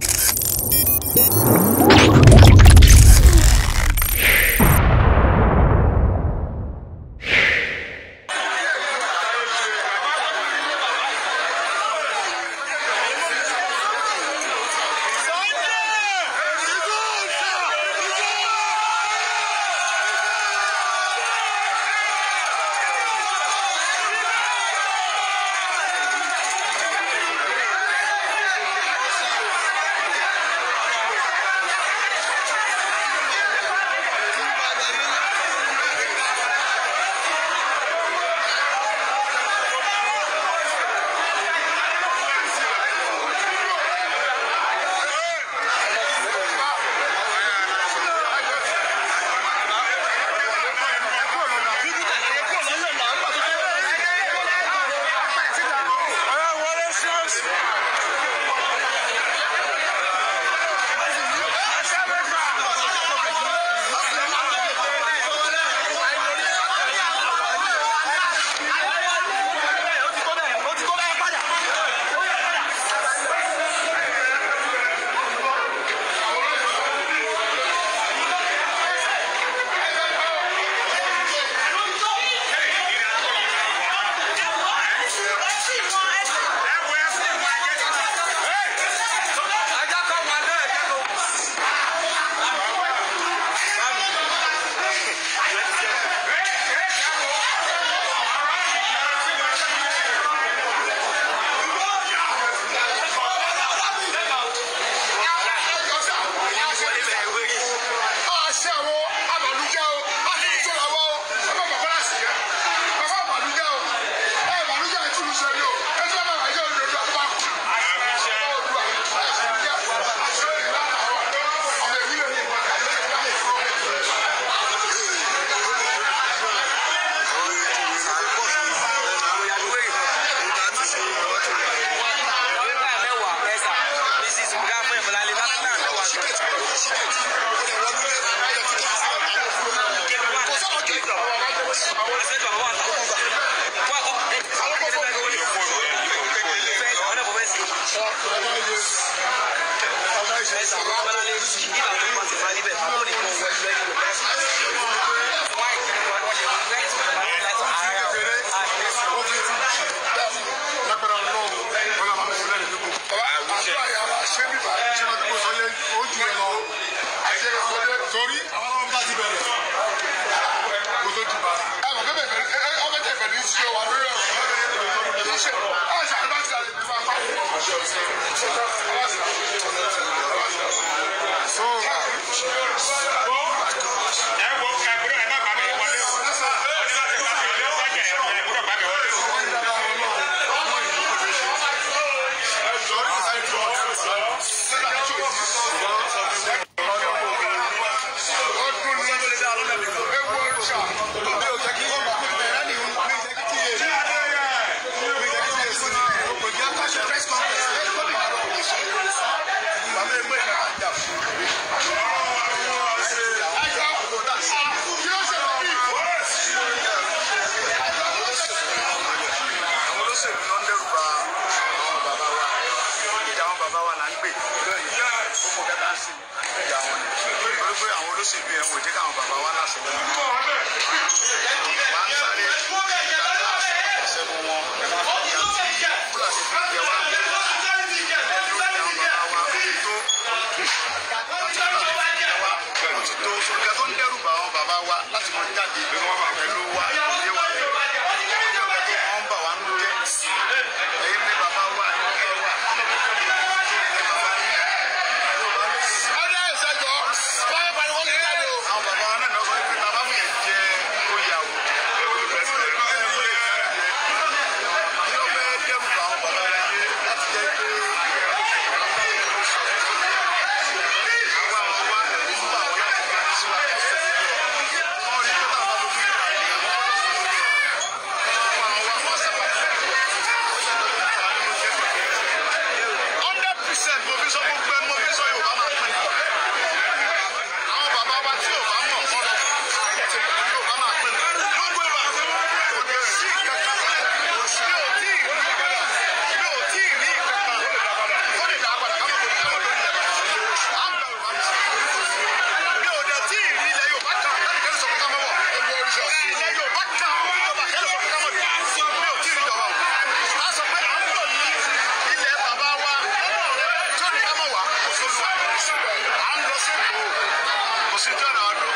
you Everybody. torí àwọn ọmọ bá ti bẹ̀rẹ̀ kó tó di bàtà. ẹ mọ̀ pé bẹ̀rẹ̀ ẹ ọ tẹ̀ bẹ̀rẹ̀ ṣe wà lórí ọ̀rọ̀ ẹ ṣe ẹ ṣe àdúrà ti àlè ṣe ọ̀sẹ̀ ọ̀sẹ̀ ọ̀sẹ̀ ọ̀sẹ̀ olóṣèlú yẹn wò jẹ́ káwọn bàbá wa láṣẹ lọ́wọ́ wọn àwọn bàbá wa tó ìjọba wa tó sọ̀rọ̀ tó ń dẹ́rù bà Leonard.